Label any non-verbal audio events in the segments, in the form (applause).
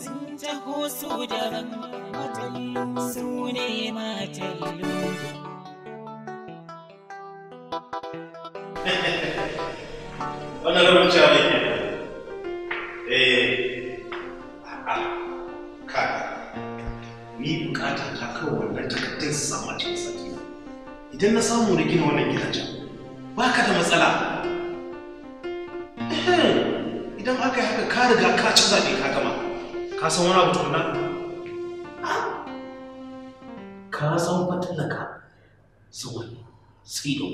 sun taho su daban matallu su ne matallu wannan rabin cewa ne eh a ka ni bukata ta kawo wannan takardun sama cikin sati idan na samu na gina wannan gidajen ka da matsala idan aka yi haka ka riga ka ci zaɓe ka ka san wani abu tukuna ka san fatalaka saboda sai da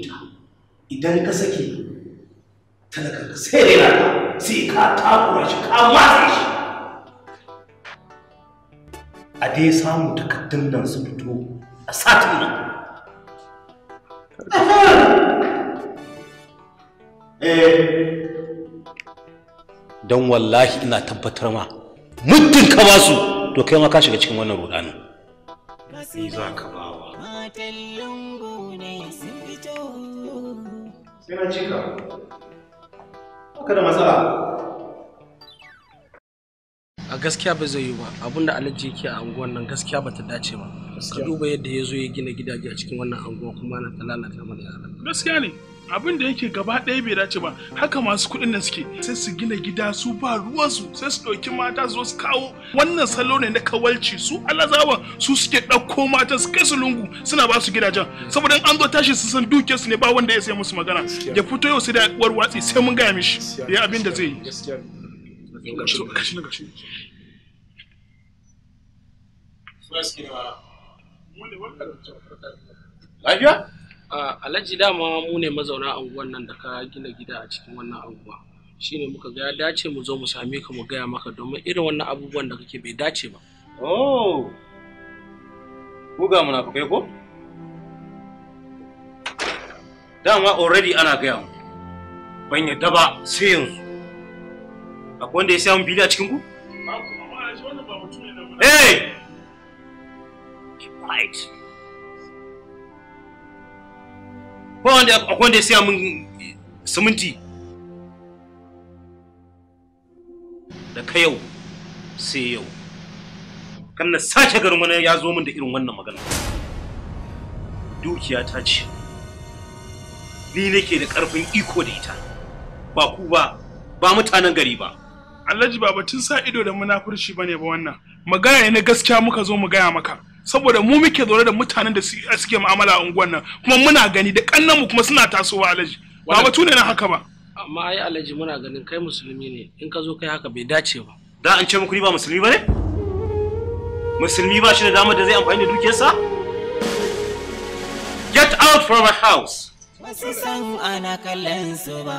idan ka sake talakar ka sai rera ka sai ka takura shi ka matsa shi a dai samu takardun nan su fito a satin nan eh. don wallahi ina tabbatar ma muddin ka ba su to kai ma ka shiga cikin wannan rudanin ni za ka ba wa sai na cika baka da matsala a gaskiya ba zai yi ba abinda alhaji yake a anguwan nan gaskiya ba ta dace ba ka duba yadda ya zo ya gina gidaje a cikin wannan anguwa kuma na ta lalata mana yaran. gaskiya ne abin da yake gaba ɗaya bai dace ba haka masu kuɗin da suke sai su gina gida su ba ruwansu sai su ɗauki mata su su kawo wannan salo ne na kawalci su alazawa su suke ɗauko mata su kai su lungu suna ba su gidajen saboda an zo tashi su san duke su ne ba wanda ya sai musu magana ya fito yau sai da uwar watsi sai mun gaya mishi ya abin da zai yi lafiya alhaji dama mu ne mazauna anguwan nan da ka gina gida a cikin wannan anguwa shine muka ga ya dace mu zo mu same ka mu gaya maka domin irin wannan abubuwan da kake bai dace ba oh ku ga munafukai ko dama already ana gaya mu ban yadda ba sai yanzu akwai wanda ya mun fili a cikin ku eh Keep quiet. ba wanda akwai wanda ya siya min siminti da ka yau sai yau kan na sake garin wani ya zo min da irin wannan magana dukiya ta ce ni nake da karfin iko da ita ba ku ba ba mutanen gari ba alhaji ba tun sa ido da munafurci bane ba wannan magana ne na gaskiya muka zo mu gaya maka saboda mu muke zaune da mutanen da suke mu'amala a unguwan nan kuma muna gani da kannan mu kuma suna tasowa alaji ba batu ne na haka ba amma ai alaji muna ganin kai musulmi ne in ka zo kai haka bai dace ba da an ce muku ni ba musulmi ba ne musulmi ba shi da damar da zai amfani da dukiyarsa get out from my house san ana kallon su ba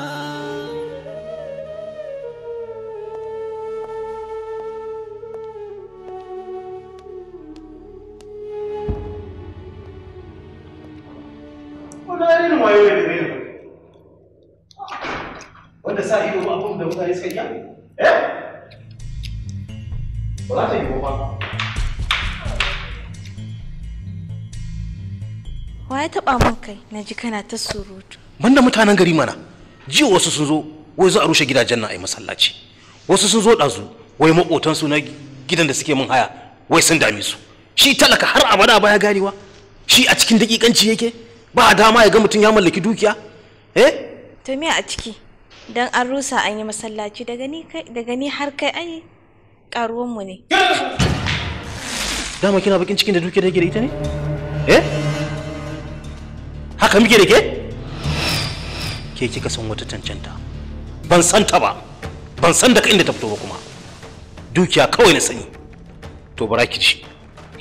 wanda ya irin wayo ne da wanda sa ido ba da mutane suka yi eh ba ta ba wa ya taɓa min kai na ji kana ta surutu da mutanen gari mana jiya wasu sun zo wai za a rushe gidajen nan a masallaci wasu sun zo ɗazu wai maƙotansu na gidan da suke mun haya wai sun dame su shi talaka har abada baya ganewa shi a cikin dakikanci yake ba dama ya ga mutum ya mallaki dukiya eh to me a ciki dan an rusa an yi masallaci daga ni kai daga ni har kai ai karuwan mu ne dama kina bakin cikin da dukiya da yake da ita ne eh haka muke da ke ke kika san wata cancanta ban san ta ba ban san kai inda ta fito ba kuma dukiya kawai na sani to bara ki ci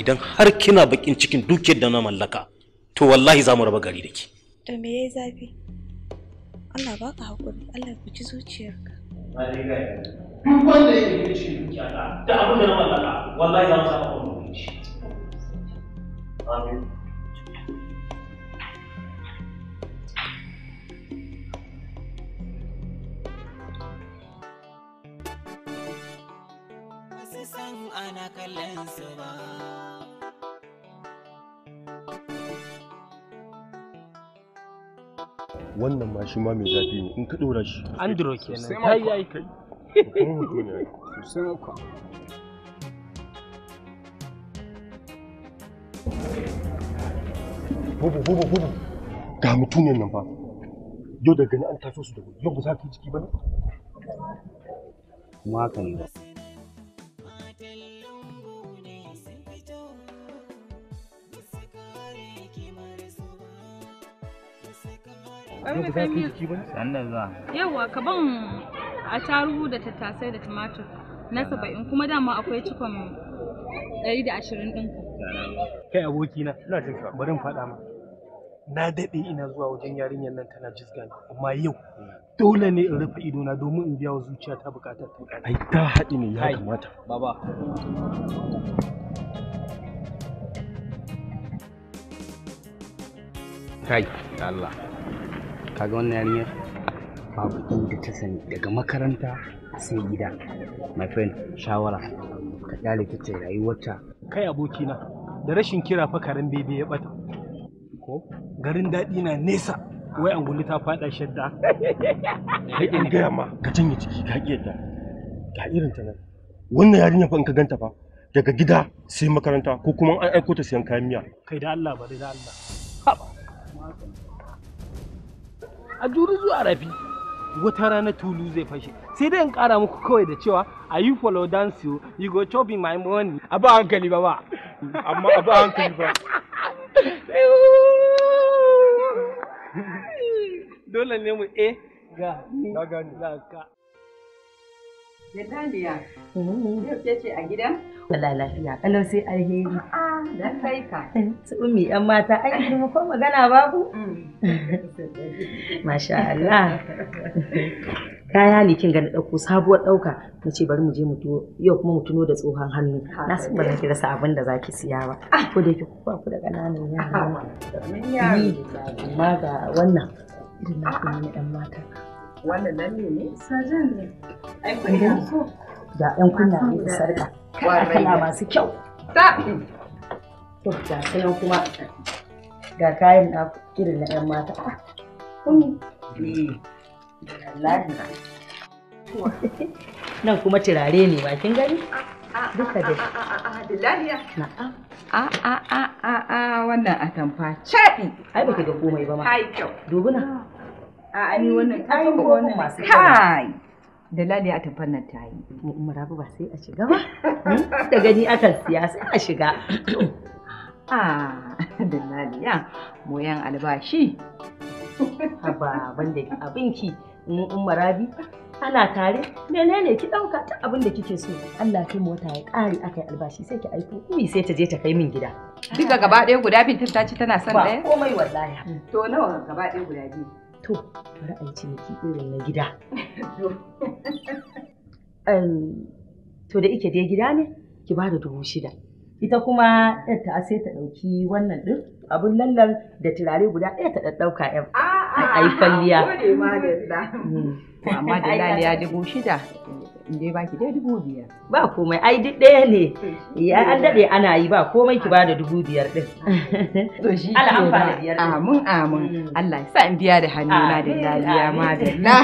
idan har kina bakin cikin dukiyar da na mallaka to wallahi za mu raba gari da ke to me yayi zafi Allah ba ka haƙuri Allah ku ci zuciyarka duk wanda yake da da abin da na mallaka wallahi za mu amin ana kallon su ba wannan ma shi ma mai zafi ne in ka dora shi andro kenan kai yayi kai kuma bubu bubu bubu ga mutumin nan fa yau da gani an taso su da wuri yau ba za ka yi jiki ba ne kuma haka ne ba Yauwa ka ban a taruhu da tattasai da tumatur na saba'in kuma dama akwai cikon ɗari da ashirin ɗin Kai abokina, ina jin ka bari faɗa ma. Na daɗe ina zuwa wajen yarinyar nan tana jisga amma yau dole ne in rufe idona domin in biya wa zuciya ta buƙatar ta. Ai ta haɗi ne ya kamata. Baba. Kai, Allah. kaga wannan yarinyar babu inda ta sani daga makaranta sai gida my friend shawara ka kyale ta rayuwarta kai abokina da rashin kira fa karen bebe ya bata ko garin daɗi na nesa wai anguli ta faɗa shadda kai in gaya ma ka canye ciki ka kiyarta ga irin ta nan wannan yarinyar fa in ka ganta fa daga gida sai makaranta ko kuma an aiko ta siyan kayan miya kai da Allah bari da Allah a juri zuwa rafi wata rana tulu zai fashe sai dai in kara muku kawai da cewa a yi follow dance you, you go chop my money a ba hankali ba ba amma a ba hankali ba dole ne mu eh ga ga ga ka Zinaniya, mm. yau lafiya, kalau sai alheri. A'a, (laughs) Su umi ‘yan mata, ai, kuma ko magana babu? Mm. (laughs) Masha Allah. Kaya ne kin gani ɗauko sabuwar ɗauka, na ce bari mu je mu yau kuma mu tuno da tsohon hannu. Na san ba ki rasa abin da zaki siya ba. Ko da yake ku ba ku da ƙananan yara. Ni, amma ga wannan irin na kuma ɗan mata. wannan nan ne sajan ne ai ku ina so da yan kunna ne da sarka kana masu kyau ta to ta sai kuma ga kayan da irin na yan mata ah! mm. eh. (laughs) nan kuma turare ne ba kin gani duka da na'am a a a a wannan atamfa caɗi ai baki ga komai ba ma ai kyau dubuna ah. a ani wannan ta taba wannan masu kai da ladi a tafannan ta yi mu umara ba sai a shiga ba hmm? da gani akan siya sai a shiga a ah, da ladiya moyan albashi haba banda abinki mu umara bi ana tare menene ki dauka ta abin da kike so Allah kai mu wata ya kare akai albashi sai ki aiko ni sai ta je ta kai min gida duka gaba ɗaya guda biyu ta ce tana son ɗaya komai wallahi hmm. to nawa gaba ɗaya guda biyu to bari a yi ciniki irin na gida to da ike dai gida ne ki ba da dubu shida ita kuma ta sai ta ɗauki wannan ɗin abun lallar da turare guda ɗaya ta ɗaɗɗauka yan a yi kwalliya mm. amma da laliya dubu shida in dai baki dai dubu biyar ba komai ai duk ɗaya ne ya an daɗe ana yi ba komai ki bada dubu biyar ɗin (laughs) to shi Allah an fara biyar amin amin mm. Allah sa in biya da hannuna da lafiya ma da na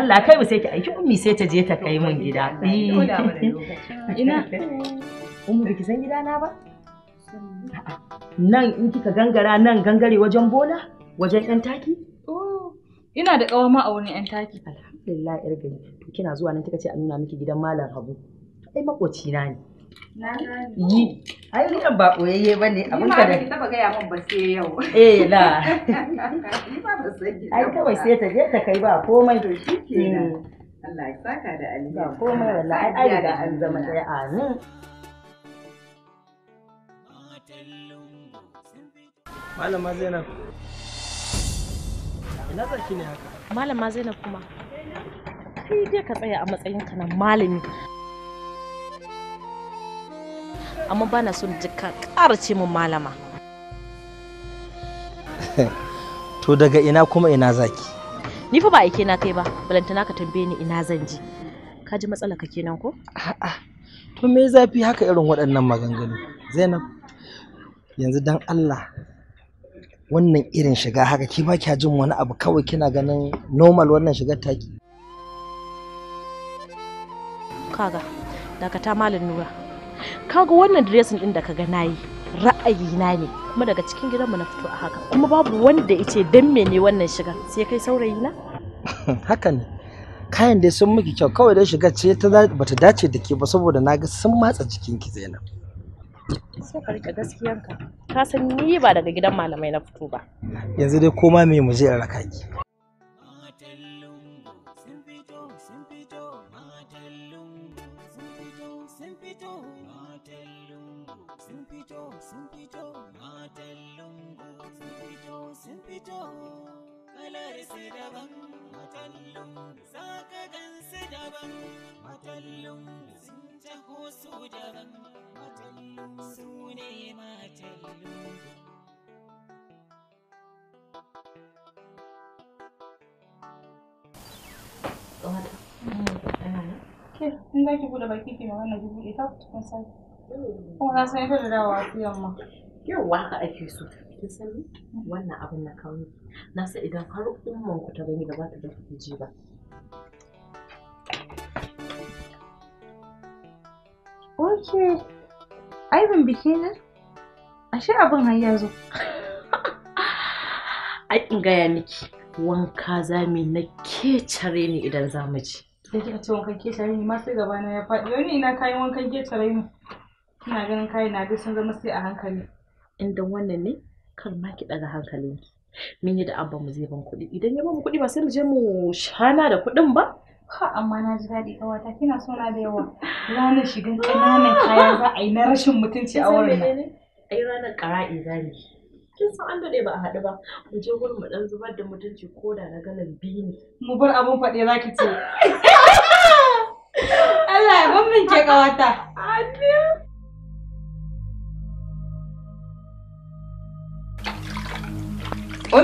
Allah kai mu sai ki aiki ummi sai ta je ta kai mun gida (laughs) ina ummi ki san na ba nan in kika gangara nan gangare wajen bola wajen yan taki oh, ina da ƙawama ma a wani yan taki alhamdulillah irgin kina zuwa nan kika ce a nuna miki gidan malam habu ai makoci na ne yi ai gidan ba koyayye ba ne abin ka da ni taba gaya mun ba sai yau eh la (laughs) ai kawai sai ta je ta kai ba komai to shikenan hmm. Allah ya saka da alheri ba komai wallahi ai da an zama dai amin Malama Zainab. Ina zaki ne haka? Malama Zainab kuma. kai dai ka tsaya a matsayinka na malami amma ba na son jika ƙara ce min malama to daga ina kuma ina zaki ni fa ba aike na kai ba balantana ka tambaye ni ina zan ji ka ji matsala ka kenan ko a'a to me zafi haka irin waɗannan maganganu zainab yanzu dan Allah wannan irin shiga haka ki ba kya jin wani abu kawai kina ganin normal wannan shigar taki kaga dakata malam nura kaga wannan dressing din da kaga nayi ra'ayi na ne kuma daga cikin gidanmu na fito a haka kuma babu wanda yace dan me ne wannan shiga, sai kai saurayi na (laughs) haka ne kayan dai sun miki kyau kawai dai shigar ce ta bata dace da ke ba saboda naga sun matsa cikin ki Zainab sai ka rika gaskiyanka ka san ni ba daga gidan malamai na fito ba yanzu dai koma me mu je a raka ki daban matallin za ka gansu daban matallin sun taho su daban matallin su ne matallin ke in za ki buɗe baki ke magana ki buɗe ta kuma sai kuma na san ita da dawowa yamma yawa haka ake so kin san wannan abin na kawo na sa idan har umman ku ta bani gaba ta da ku je ba Oke, aibin biki ne? Ashe abin har ya zo. (laughs) Aikin gaya miki, wanka za mu na kecare ni idan za mu ji. Sai kika ce wankan kecare ni ma sai gabana ya faɗi. Yau ne ina kayan wankan kecare ni. Ina ganin kayan na duk sun zama sai a hankali. in wannan ne kar ma ki daga hankalinki mun yi da abba mu zai ban kuɗi idan ya bamu kuɗi ba sai mu je mu shana da kuɗin ba ha amma na ji daɗi kawata kina so na da yawa ranar shigan ƙananan kaya za a yi na rashin mutunci a wurin nan ai ranar ƙara'i za ne. kin san an daɗe ba a haɗu ba mu je wurin mu ɗan zubar da mutunci ko da na galan biyu ne mu bar abun faɗe za ki ce (laughs) Allah ya bambance ƙawata. ke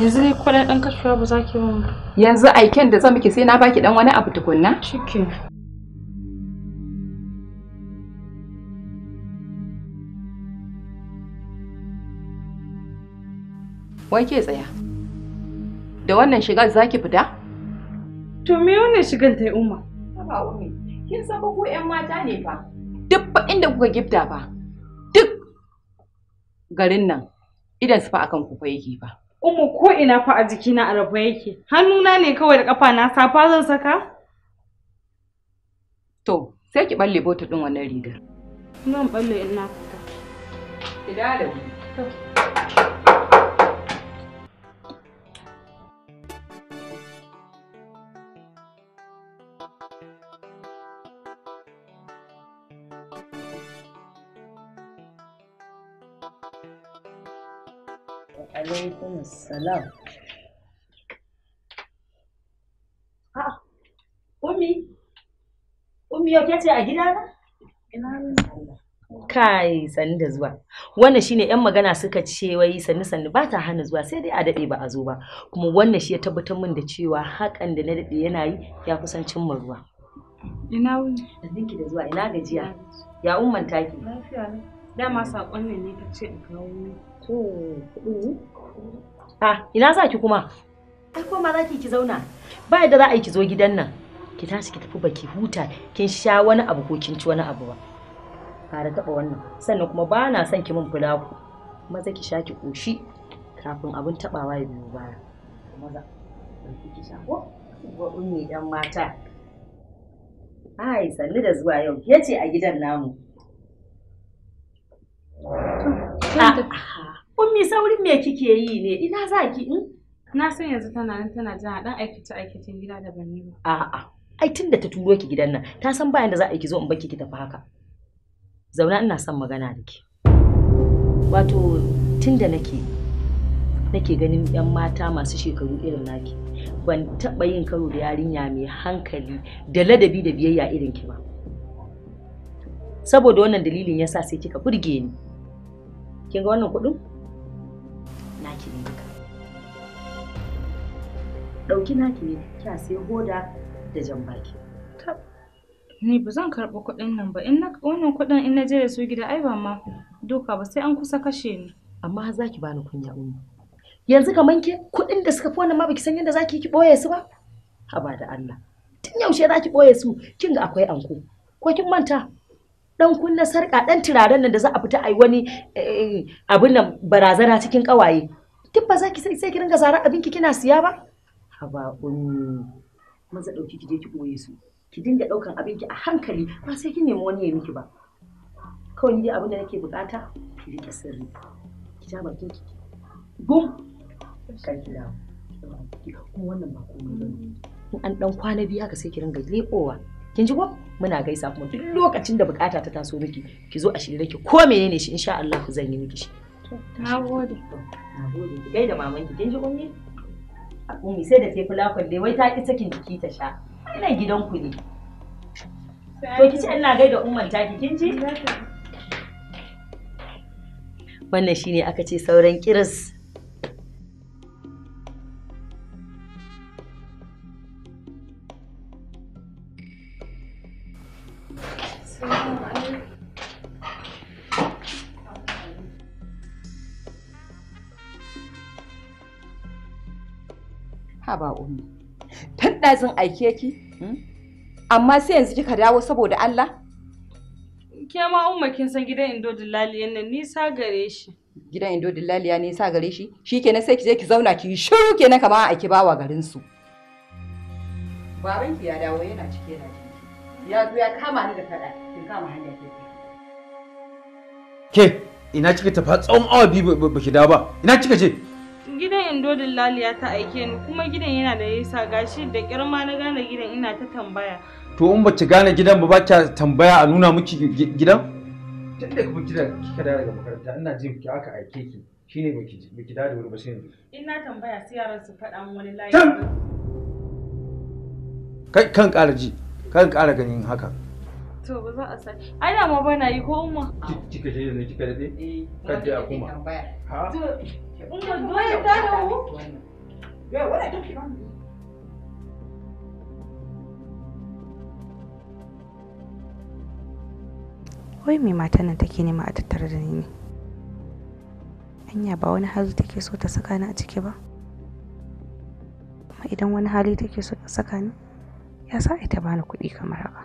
yanzu ne kwanan dan kashewa ba za ki ba yanzu aiken da zan miki sai na baki dan wani abu tukunna shike wai ke tsaya da wannan shigar zaki fita to me wannan shigar tai umma ba ummi kin san ba ku yan mata ne fa duk ba inda kuka gifta ba duk garin nan idan su fa akan ku fa yake fa Umu ko ina fa a jikina a rabu yake. Hannuna ne kawai da kafa na safa zan saka? To, sai ki balle bota din wannan rigar. Zan balle ina fita. Ki da To. salam. A'a, ah, Umi, Umi yau ce a gida na? Kai, sani da zuwa. Wannan shine ‘yan magana suka ce wai sanni sanni ba ta hana zuwa sai dai a daɗe ba a zo ba. Kuma wannan shi ya tabbatar min da cewa hakan da na daɗe yana yi ya kusan cimma ruwa. Ina wuni. Ɗanki da zuwa ina gajiya. Ya umman taki. Lafiya Dama saƙon ne ne ta ce in kawo. ko kuɗi A ah, ina za ki kuma? Ai ma za ki ki zauna. Ba yadda za a yi ki zo gidan nan. Ki tashi ki tafi baki huta kin sha wani abu ko kin ci wani abu ba. Fara taɓa wannan. Sannan kuma ba na son ki min Kuma Maza ki sha ki koshi kafin abin tabawa ya biyo baya. Maza. Ki sha ko? Wa dan mata. Ai da zuwa yau. ce a gidan namu. Ah. ah Ummi saurin me kike yi ne? Ina za ki hmm? Na san yanzu tana nan tana jin dan aikace aikacen gida da ban ba. A'a. Ai tun da ta turo ki gidan nan, ta san bayan da za a yi ki zo in baki ki tafi haka. Zauna ina son magana da ki. Wato tun da nake nake ganin 'yan mata masu shekaru irin naki. Ban taɓa yin karo da yarinya mai hankali da ladabi da biyayya irin ki ba. Saboda wannan dalilin yasa sai kika burge ni. Kin ga wannan kuɗin? ɗauki naki ne kya sai hoda da jan baki ni ba zan karɓi kuɗin nan ba in na wannan kuɗin in na je da su gida ai ba ma doka ba sai an kusa kashe ni amma za ki bani kunya umma yanzu kaman ke kuɗin da suka fi wannan ma baki san yadda zaki ki ɓoye su ba haba da Allah tun yaushe za ki ɓoye su kin ga akwai anko ko kin manta dan kunna sarka dan turaren nan da za a fita ai wani eh, abin nan barazana cikin kawaye Tun ba zaki ki sai ki ringa zarar abinki kina siya ba haba ummi maza dauki kije ki boye su ki dinga daukan abinki a hankali ba sai ki nemi wani ya miki ba kawai ni abin da nake bukata ki rike sirri ki ja bakin ki gum kan ki dawo kuma wannan ba komai ba ne in an dan kwana biyu haka sai ki ringa lekowa kin ji ko muna gaisa kuma duk lokacin da bukata ta taso miki ki zo a shirye ki ko menene shi insha Allah zan yi miki shi nagode nagode ki gaida mamanki kin ji ne. Ummi sai da tafi lakwalle wai ta ki sakin jiki ta sha. Ina gidan ku ne. To ki ce ina gaida umman ki kin ji? Wannan shine aka ce sauran kiris. haba ba ummi tun ɗazin aike ki hmm? amma sai yanzu kika dawo saboda Allah ke ma umma kin san gidan indo dillaliyan nan nisa gare shi gidan indo dillaliya nisa gare shi shikenan sai ki je ki zauna ki shiru kenan kamar a ki bawa garin su babanki ya dawo yana cike da ciki ya zo ya kama ni da fada kin kama hanya ke ke ina kika tafa tsawon awa biyu baki dawo ba ina kika je gidan indo dillaliya ta aike ni kuma gidan yana da yasa gashi da kyar ma na gane gidan ina ta tambaya to in bace gane gidan ba kya tambaya a nuna miki gidan tun da kuma gidan kika dawo daga makaranta ina jin ki aka aike ki shine baki baki dawo da wuri ba sai yanzu in na tambaya sai yaran su faɗa min wani layi kai kan ƙara ji kan ƙara ganin haka to ba za a sa ai da ma bana yi ko umma kika je ne kika dade eh kada a kuma ha Wait, Dado. Girl, Wai mai matan nan take nema a tattare da ni ne? Anya ba wani hali take so ta saka ni a ciki ba? Kuma idan wani hali take so ta saka ni, ya sa ita bani kuɗi kamar haka.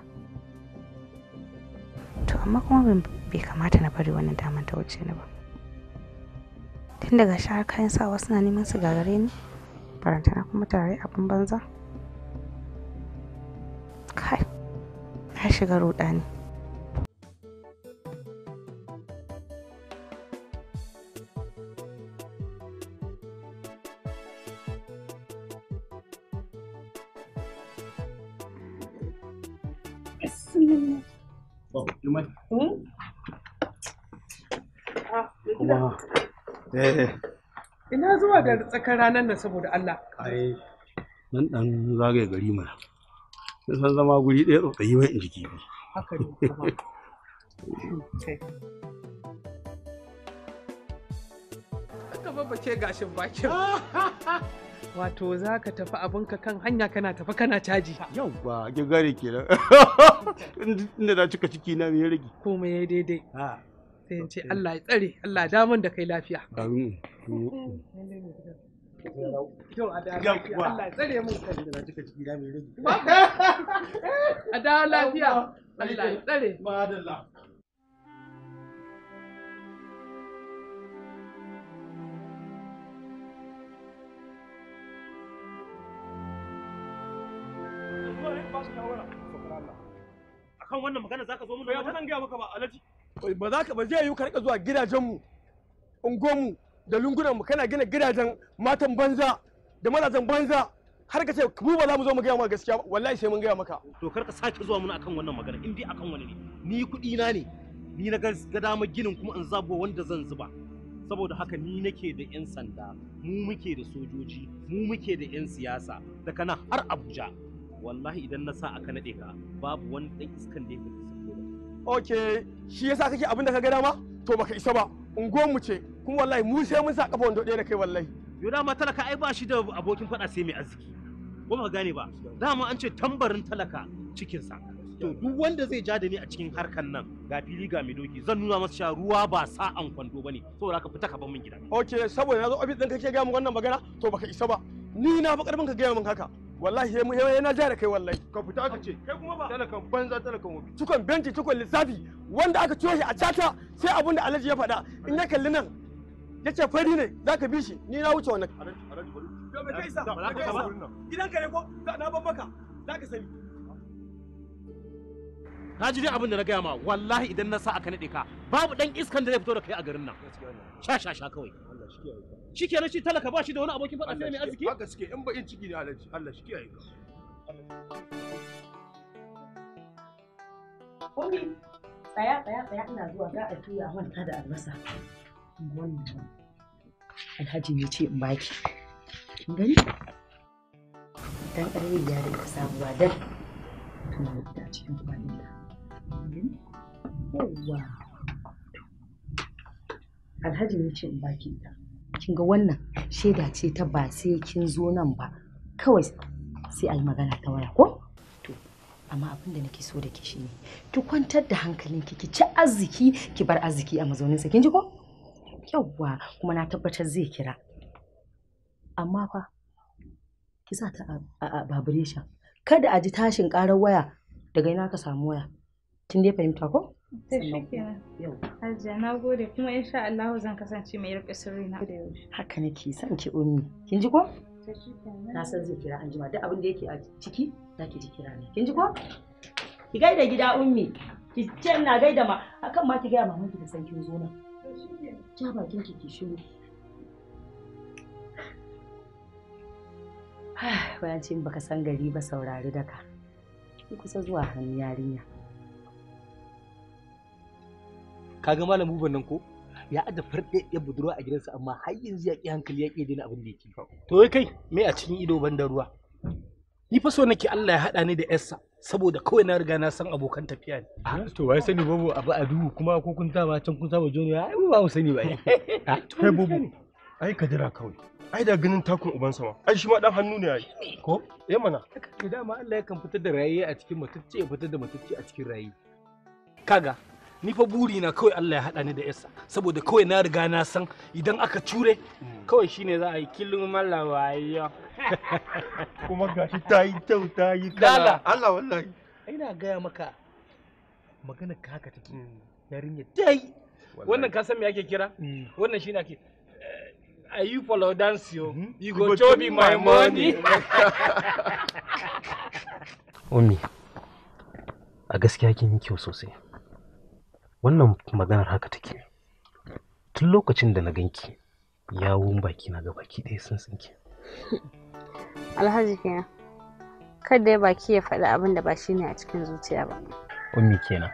To amma kuma bai kamata na bari wannan damar ta wuce ni ba. tun daga shi kayan sawa suna neman su gagare ni barantana kuma tare abin banza kai na shiga rudani Wow, oh, you might. Hmm? Ah, Eh. ina zuwa da tsakar ranar nan saboda Allah nan dan zagaye gari mana sai san zama guri ɗaya tsotsayi wa in jiki kifi haka ne (laughs) ka gashin bakin (laughs) wato za ka tafi abinka kan hanya kana tafi kana caji yau ba gigare kenan (laughs) inda na cika ciki na mai rage komai daidai ah. sai in ce Allah ya tsare Allah damun da kai lafiya amin mm. a dawo lafiya Allah ya tsare (laughs) akan wannan magana zaka zo mun da ya ta gaya maka ba alaji ba za ka ba zai ka rika zuwa gidajenmu unguwanmu da lungunanmu kana gina gidajen matan banza da mazajen banza har ka ce mu ba za mu zo mu gaya maka gaskiya wallahi sai mun gaya maka to kar ka sake zuwa mun akan wannan magana in dai akan wani ne ni kuɗi na ne ni na ga damar ginin kuma in zabo wanda zan zuba saboda haka ni nake da yan sanda mu muke da sojoji mu muke da yan siyasa daga nan har Abuja wallahi idan na sa aka nade ka babu wani dan iskan da ya ok shi yasa kake abin da ka ga dama to baka isa ba unguwan mu ce kuma wallahi mu sai mun sa kafa wando da kai wallahi yau dama talaka ai ba shi da abokin faɗa sai mai arziki ko ba gane ba dama an ce tambarin talaka cikinsa to duk wanda zai ja da ni a cikin harkan nan ga fili ga mai doki zan nuna masa ruwa ba sa'an kwando bane saboda ka fita ka bar min gida ok saboda na zo ofis ɗin kake ga mu wannan magana to baka isa ba ni na fa karfin ka gaya mun haka wallahi ya mu yana na kai wallahi ka fita aka ce kai kuma ba talakan banza talakan wofi cikon benci cikon lissafi wanda aka ciyo shi a cata sai abin da alhaji ya faɗa in ya kalli nan ya ce fari ne za ka bi shi ni na wuce wannan gidanka ne ko na babbaka za ka sani ji dai abin da na gaya ma wallahi idan na sa aka naɗe ka babu ɗan iskan da zai fito da kai a garin nan sha sha sha kawai shi kenan shi talaka ba shi da wani abokin faɗa sai mai arziki haka suke in ba in ciki ne halarci Allah shi kiyaye ka Komi, tsaya tsaya tsaya ina zuwa ga a tura manta da albasa. Wannan Alhaji ne ce in baki. Kin gani? Dan ƙarfi ya da ita sabuwa dan. Tana da cikin kwanin da. Yawwa. Alhaji ne ce in baki ita. kin ga wannan shaida ce ta ba sai kin zo nan ba kawai sai a yi magana ta waya ko to amma abin da nake so da ke ne, ki kwantar da hankalinki ki ci arziki ki bar arziki a mazauninsa kin ji ko yawwa kuma na tabbatar zai kira amma fa ki sa ta a babure kada a ji tashin karar waya daga ina ka samu waya kin dai fahimta ko ta shi kenan hajiya na gode kuma insha Allah zan kasance mai rike sirri na haka nake san ki ummi kin ji ko na san zai kira anjima duk abin da yake a ciki za ki ji kira ne kin ji ko ki gaida gida ummi ki ce na gaida ma akan ma ki ga mamanki da san kin zo nan ja bakin ki ki shiru bayan (sighs) ce baka san gari ba saurari daka kusa zuwa hannun yarinya kaga malam buban nan ko ya aje farɗe ya budurwa a gidansa amma har yanzu ya ƙi hankali ya ƙi daina abin da yake to wai kai me a cikin ido ban da ruwa ni fa so nake Allah ya haɗa ni da yarsa saboda kawai na riga na san abokan tafiya ne ah, to wai sani babu abu a duhu kuma ko kun ba can kun saba jono ai ba mu sani ba (laughs) ah, ai babu ai ka jira kawai ai da ganin takun uban sama ai shi ma dan hannu ne ai ko eh mana da dama Allah ya kan fitar da rayi a cikin mutunci ya fitar da mutunci a cikin rayi kaga ni fa buri na kawai Allah ya haɗa ni da yasa saboda kawai na riga na san idan aka cure kawai shine za a yi kilin malawayo (laughs) kuma gashi ta yi kyau ta yi kala Allah wallahi ina gaya maka magana ka haka take hmm. yarinya ta yi wannan ka san me ake kira hmm. wannan shine ake eh, are you follow dance hmm. yo you go me my money Umi, (laughs) a gaskiya kin yi kyau sosai. Wannan maganar haka take. Tun lokacin da na ganki, yawun baki na ga baki ɗaya sun tsinke. (laughs) Alhaji kenan. Kada baki ya faɗi abin da ba shi ne a cikin zuciya ba. Ummi kenan.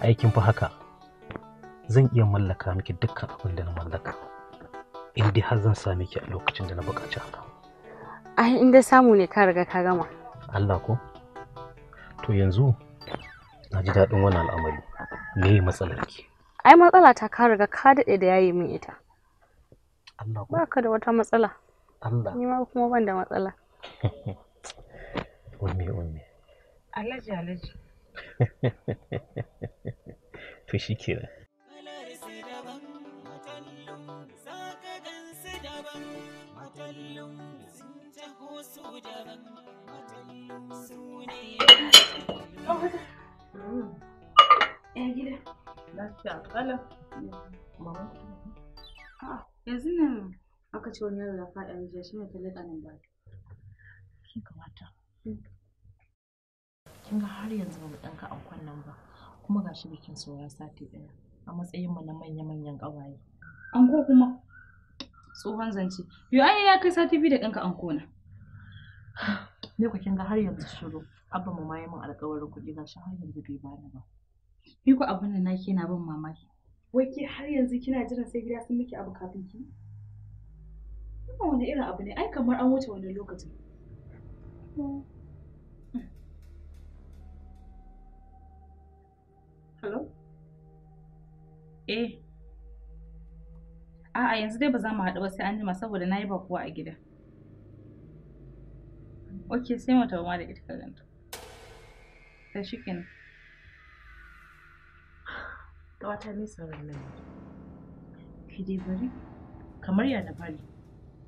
Aikin fa haka. Zan iya mallaka miki dukkan abin da na mallaka. In dai har zan sa miki a lokacin da na buƙaci haka. Ai in samu ne ka riga ka gama. Allah ko? To yanzu na ji daɗin wannan al'amari. me matsalar ki ai matsala ta ka riga ka daɗe da yayi min ita Allah ba ka da wata matsala Allah ni ma kuma ban da matsala (laughs) ummi ummi alaji alaji (laughs) to shi ke da. Oh, Ya gida. Lafiya ƙalau. Mama. Ah. Yanzu nan aka ci wani yaro ya faɗa jiya, shi ne ta leƙa nan ba. Ki kamata. Hmm. Kin ga har yanzu ba mu ɗanka ankon nan ba. Kuma ga shi bikin saura sati ɗaya. A matsayinmu na manya-manyan ƙawaye. Anko kuma? Tsohon zance. Yo ai ya kai sati biyu da ɗanka anko na. Me (sighs) kuka kin ga har yanzu shiru. Abba mu ma yi min alƙawarin kuɗi ga shi har yanzu bai bani ba. Ni ku abin da ke na ban mamaki. Wai ke har yanzu kina jira sai gida sun miki abu kafin ki? Wannan wani irin abu ne? Ai kamar an wuce wani lokacin. Hello? Eh. A'a yanzu dai ba za mu haɗu ba sai an jima saboda na yi bakuwa a gida. Ok sai mu tauma da ita ka ganta. Ta shi kenan. ƙawata mai sauran nan ki dai bari kamar ya na bari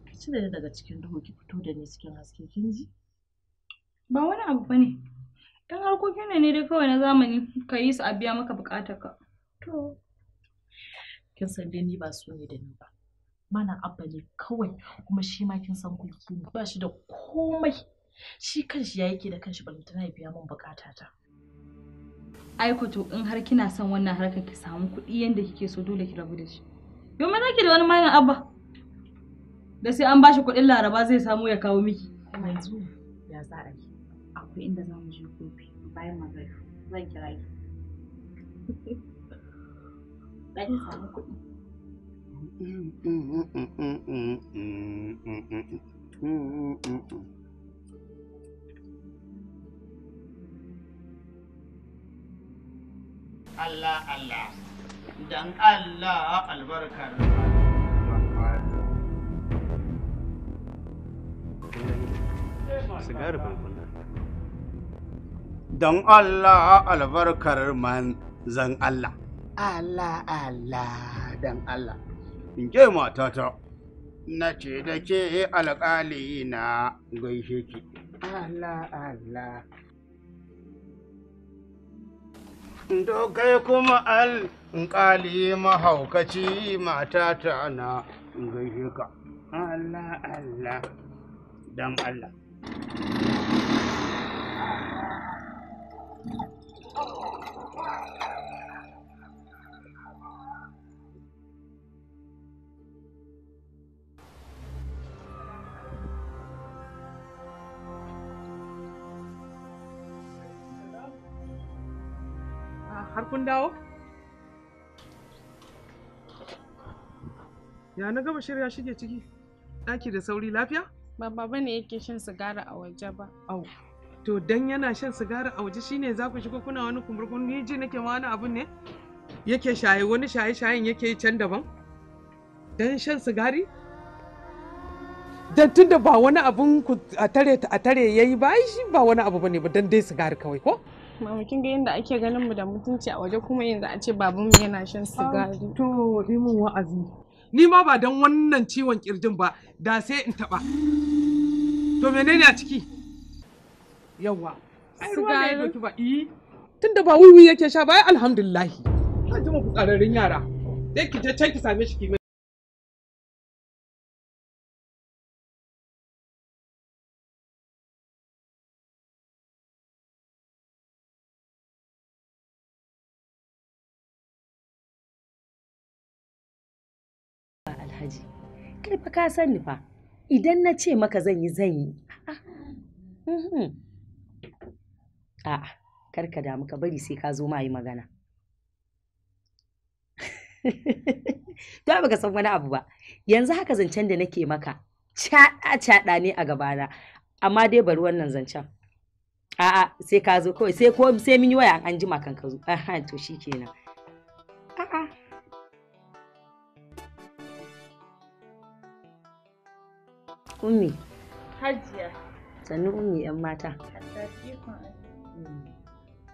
ki cire ni daga cikin duhu ki fito da ni cikin haske kin ji ba wani abu bane dan harkokin ne dai kawai na zamani ka yi su a biya maka bukatar ka to kin san dai ni ba su ne da ni ba mana abba ne kawai kuma shi ma kin san kulki ne ba shi da komai shi kanshi ya yake da kanshi balantana ya biya min bukata ta aiko in har kina son wannan harkar ki samu kuɗi yadda kike so dole ki rabu da shi yau ma ki da wani malam abba da sai an bashi kuɗin laraba zai samu ya kawo miki yanzu ya za a akwai inda za mu je kofi bayan magana zan kira ki samu kuɗi Mm-mm-mm-mm-mm-mm-mm-mm. Allah Allah dan Allah albarkar don Allah albarkar man zan Allah Allah Allah dan Allah in je matata na ce da ke alƙali na gaishe ki Allah Allah dokai kuma alƙali mahaukaci mata ta na gaishe ka Allah Allah dan Allah har kun dawo? Ya na gaba shirya shige ciki? Ɗaki da sauri lafiya? Ba baba ne yake shan sigari a waje ba. Au, to dan yana shan sigari a waje shine za ku shiga kuna wani kumburkun ni ji nake ma wani abu ne? Yake shaye wani shaye-shayen yake yi can daban? Dan shan sigari? Dan tunda ba wani abun ku a tare ta a tare yayi ba shi ba wani abu bane ba dan dai sigari kawai ko? Mama kin ga yadda ake ganin mu da mutunci a waje kuma yanzu a ce babanmu yana shan sigari. Ah, to, ni mun wa'azi. Ni ma ba don wannan ciwon kirjin ba, da sai in taba. To menene a ciki? Yawwa. Sigari. Eh, tunda ba wiwi yake sha ba, alhamdulillahi. Ka ji mu fitsararrin yara. Dai ki je can ki same shi ki ka san ni fa idan na ce maka zan yi zan yi a'a mhm. kar ka damu ka bari sai ka zo ma yi magana to (laughs) baka san wani abu ba yanzu haka zancen da nake maka caɗa caɗa ne a gabana amma dai bari wannan zancen a'a sai ka zo kawai sai ko sai mun yi waya an jima kan ka zo to shikenan a'a Ummi. Hajiya. Sannu Ummi ‘yan mata. Mm.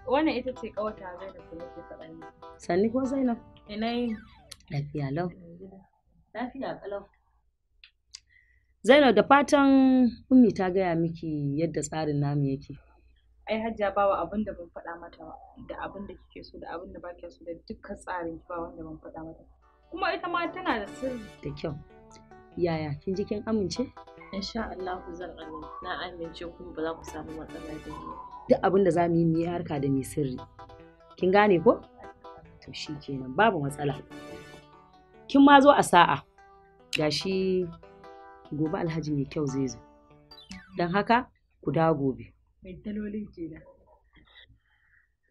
Wannan ita ce ƙawata Zainab da ke faɗa miki. Sannu ko Zainab? Ina yi. Lafiya lau. Lafiya kalau Zainab da fatan Ummi ta gaya miki yadda tsarin namu yake. Ai Hajiya bawa abin da ban faɗa mata da abin da kike so da abin da ba so da dukkan tsarin ba wanda ban faɗa mata. Kuma ita ma tana da sirri. Da kyau. Yaya kin ji kin amince? insha Allah zan amin na amince kuma ba za ku samu matsala da ni duk abin da za mu yi mu yi harka da mai sirri kin gane ko to shikenan babu matsala kin ma zo a sa'a gashi gobe alhaji mai kyau zai zo don haka ku dawo gobe mai talolin kenan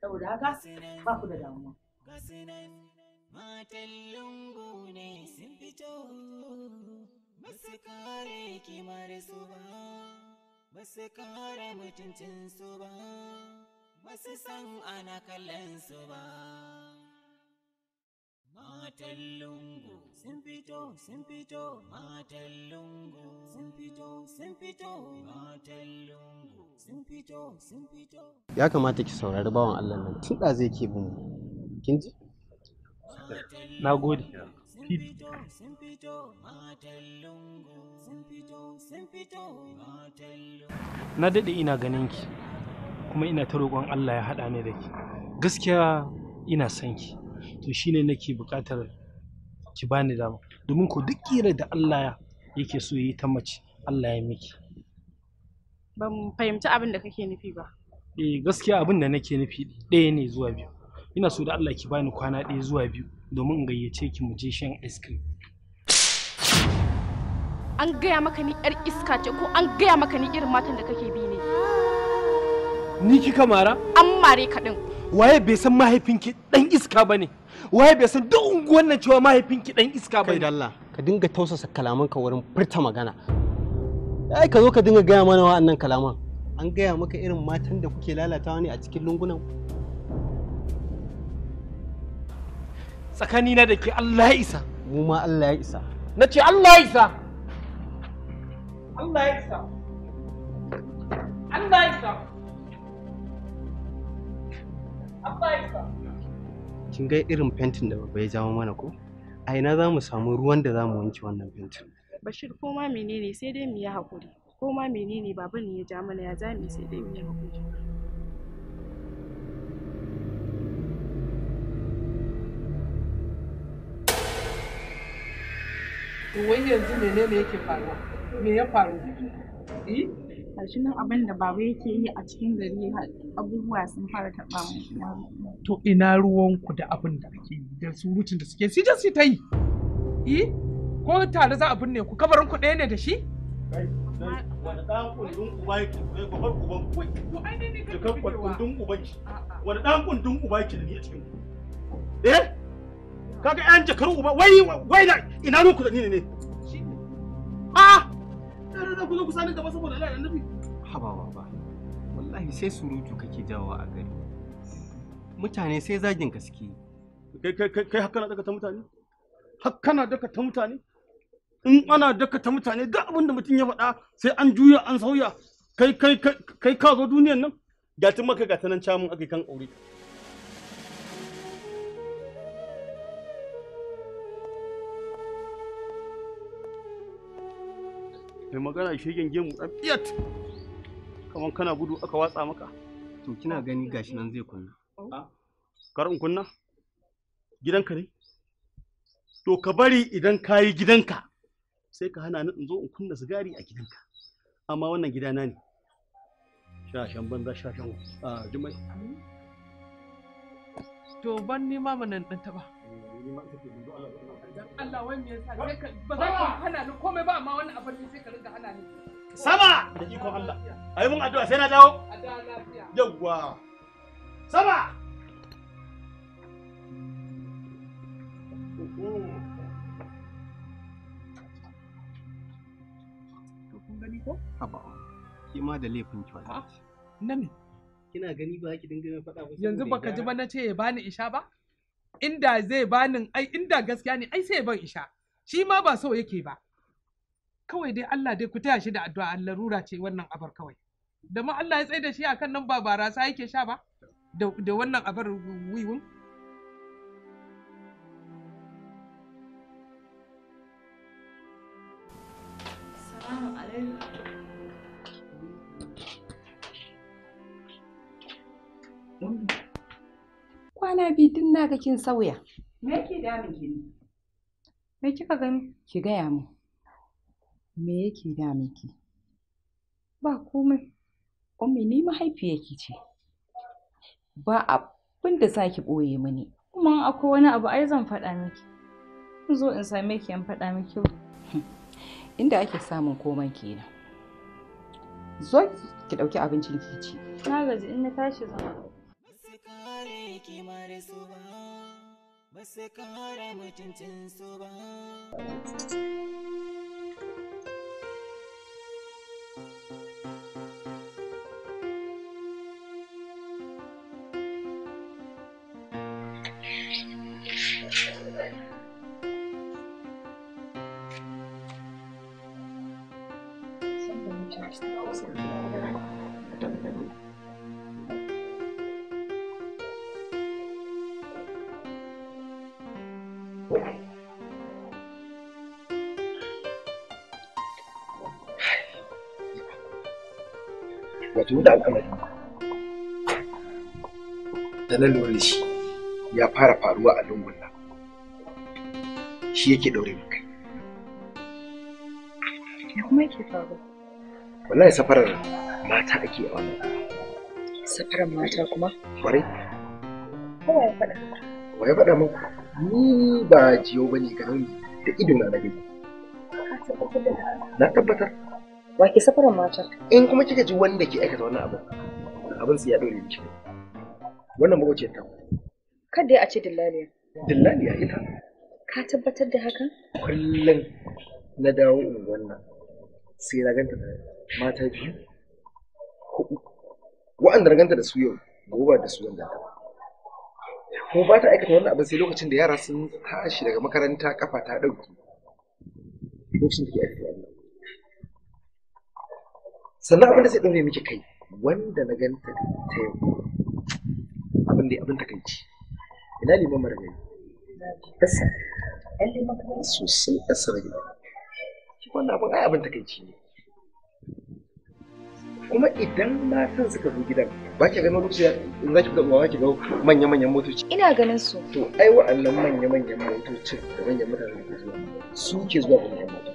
saboda haka ba ku da damuwa Matan lungu ne sun fito Basu kare kimar su ba, basu kare mutuncin su ba, basu san ana kallon su ba. Matan lungu sun fito, sun fito, matan lungu sun fito, sun fito, matan lungu sun fito, sun fito. Ya kamata ki saurari bawan Allah nan tun da zai ke bin kin ji? Na gode. titi na daɗe ina ganin ki kuma ina ta roƙon Allah ya haɗa ni da ki gaskiya ina son ki to shi ne nake buƙatar ki bani dama domin ko duk ƙirar da Allah yake so yi ta mace Allah ya miki ban fahimci abin da kake nufi ba eh gaskiya abin da nake nufi ɗaya ne zuwa biyu ina so da Allah ki bani kwana ɗaya zuwa biyu domin in gayyace ki mu je shan ice cream an gaya maka ni yar iska ce ko an gaya maka ni irin matan da kake bi ne ni kika mara an mare ka din waye bai san mahaifinki dan iska bane waye bai san duk unguwan nan cewa mahaifinki dan iska bane kai Allah ka dinga tausasa kalaman ka wurin furta magana ai ka zo ka dinga gaya mana wa'annan kalaman an gaya maka irin matan da kuke lalatawa ne a cikin lungunan tsakani na da ke Allah ya isa mu ma Allah ya isa na ce Allah ya isa Allah ya isa Allah ya isa Allah ya isa kin ga irin fentin da babba ya jawo mana ko a ina za mu samu ruwan da za mu wanke wannan fentin bashir ko ma menene sai dai mu yi hakuri ko ma menene baban ne ya ja mana ya zame sai dai mu yi hakuri to wai yanzu menene yake faruwa me ya faru eh? gashi nan abin da baba yake yi a cikin gari abubuwa sun fara taɓa mu to ina ruwanku da abin da ake yi da surutun da suke si su ta yi eh ko tare za a binne ku kabarin ku ɗaya ne da shi wani ɗan kundin uba yake ne gabar uban ku jikan kundin uban ki wani ɗan kundin uba yake ne a cikin eh kaga yan jakaru uba wai wai da ina ruku da ni ne ah! ah! a da da ku zo ku sani gaba saboda Allah annabi haba ba, wallahi sai surutu kake jawowa a gari mutane sai zagin ka suke kai kai kai hakkana daka ta mutane hakkana daka ta mutane in ana daka ta mutane duk abin da mutum ya faɗa sai an juya an sauya kai kai kai ka zo duniyan nan tun maka tanan camun akai kan aure mai magana shegen gemu dan fiyat kamar kana gudu aka watsa maka to kina gani gashi nan zai kunna ah. Kar in kunna gidanka ne to ka bari idan ka yi gidanka sai ka hana ni in zo in kunna sigari a gidanka amma wannan gidana ne shashen banza shashen a ah, jimai to ban nima manan dan taba saba. Allah sai ka ba za ka hana ni komai ba abin sai ka hana ni. Sama da ikon Allah. Ayi mun addu'a sai na dawo. Addu'a lafiya. Yawwa. Sama. Haba. ma da laifin ah, Na me? Kina gani ba ki dinga faɗa ba. Yanzu baka ji ba na ce ya bani isha ba? inda zai bani ai inda gaskiya ne ai sai ban isha shi ma ba so yake ba kawai dai Allah dai ku taya shi da addu'a larura ce wannan abar kawai da ma Allah ya tsaye da shi akan nan ba barasa yake sha ba da wannan abar wiwun Thank you. Kwana biyu din na ga kin sauya. Me yake damun ki ne? Me kika gani? Ki gaya mu. Me yake damun ki? Ba komai. Ummi ni yake ce. Ba abin da za ki ɓoye mini. Kuma akwai wani abu ai zan faɗa miki. In zo in same ki in faɗa miki. Hm. Inda ake samun komai kenan. Zo ki ɗauki abincin ki ci. Na gaji in na tashi zama. aiki mara su ba, ba su kara mutuncin su ba. tun da al'amari da na lura da shi ya fara faruwa a lungun nan shi yake daure min kai ya kuma yake faru wallahi safarar mata ake a wannan safarar mata kuma kwarai kowa ya faɗa wa ya faɗa muku ni ba jiyo bane garin da idona na gani na tabbatar Wa ke safarar mata? In kuma kika ji wanda ke aikata wannan abin, abin su ya dore miki. Wannan magoce ta. Kada a ce dillaliya. Dillaliya ita. Ka tabbatar da hakan? Kullum na dawo in wannan sai na ganta da mata biyu hudu wa'anda na ganta da su yau gobe da su wanda ta kuma ba ta aikata wannan abin sai lokacin da yara sun tashi daga makaranta kafa ta ɗauki lokacin da ke sannan abin da zai ɗaure miki kai wanda na ganta ta yau abin da abin takaici ina liman mara ne? ƙasa ɗan liman kuma sosai ƙasa da gida wannan abin ai abin takaici ne kuma idan matan suka zo gidan ba ki ganin ya in za ki ga ba ki ga manya-manyan motoci ina ganin su to ai wa'annan manya-manyan motocin da manyan mutane da ke zuwa su ke zuwa manyan motoci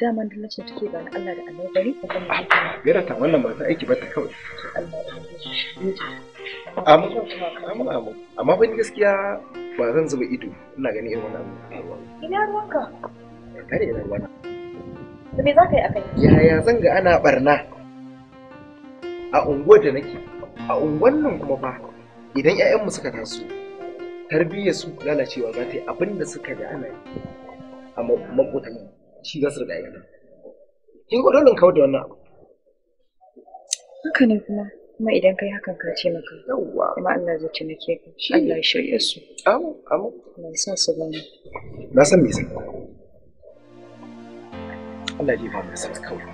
daman da lashe take ba na Allah da Allah bari ko kuma gaira ah, ta wannan ba ta aiki ba ta kawai am am am amma ban gaskiya ba zan zuba ido ina gani irin wannan ina ruwanka kare ina wannan to me za ka yi akai yaya zan ga ana barna a unguwar da nake a unguwar nan kuma ba idan 'ya'yanmu suka taso tarbiyyar su lalacewa za ta yi abin da suka ga ana yi a makotan shi za su riga gana. kin ga dole kawar da wannan abu haka ne kuma kuma idan kai hakan ka ce maka yawwa kuma Allah zai ci ke ka shi Allah ya shirye su amu amu Na sa su gani na san me sai Allah ya ba mu sa kawai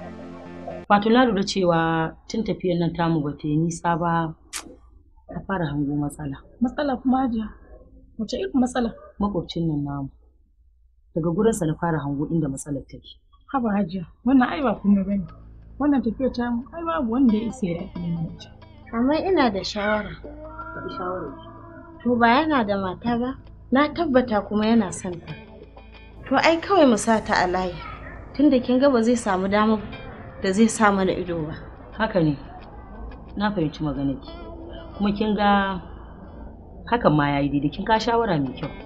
wato na lura cewa tun tafiyar nan tamu ba ta yi nisa ba ta fara hango matsala matsala kuma hajiya wace irin matsala makwabcin nan namu daga gurinsa na fara hango inda matsalar take. Haba hajiya, wannan ai ba kuma ba ne. Wannan tafiyar ta mu ai babu wanda ya isa ya daɗi ne mace. Amma ina da shawara. bi shawara. To ba yana da mata ba, na tabbata kuma yana son ta. To ai kawai mu sa ta a layi, tunda kin ga ba zai samu dama da zai sa mana ido ba. Haka ne, na fahimci maganar ki. Kuma kin ga hakan ma yayi daidai kin ka shawara mai kyau.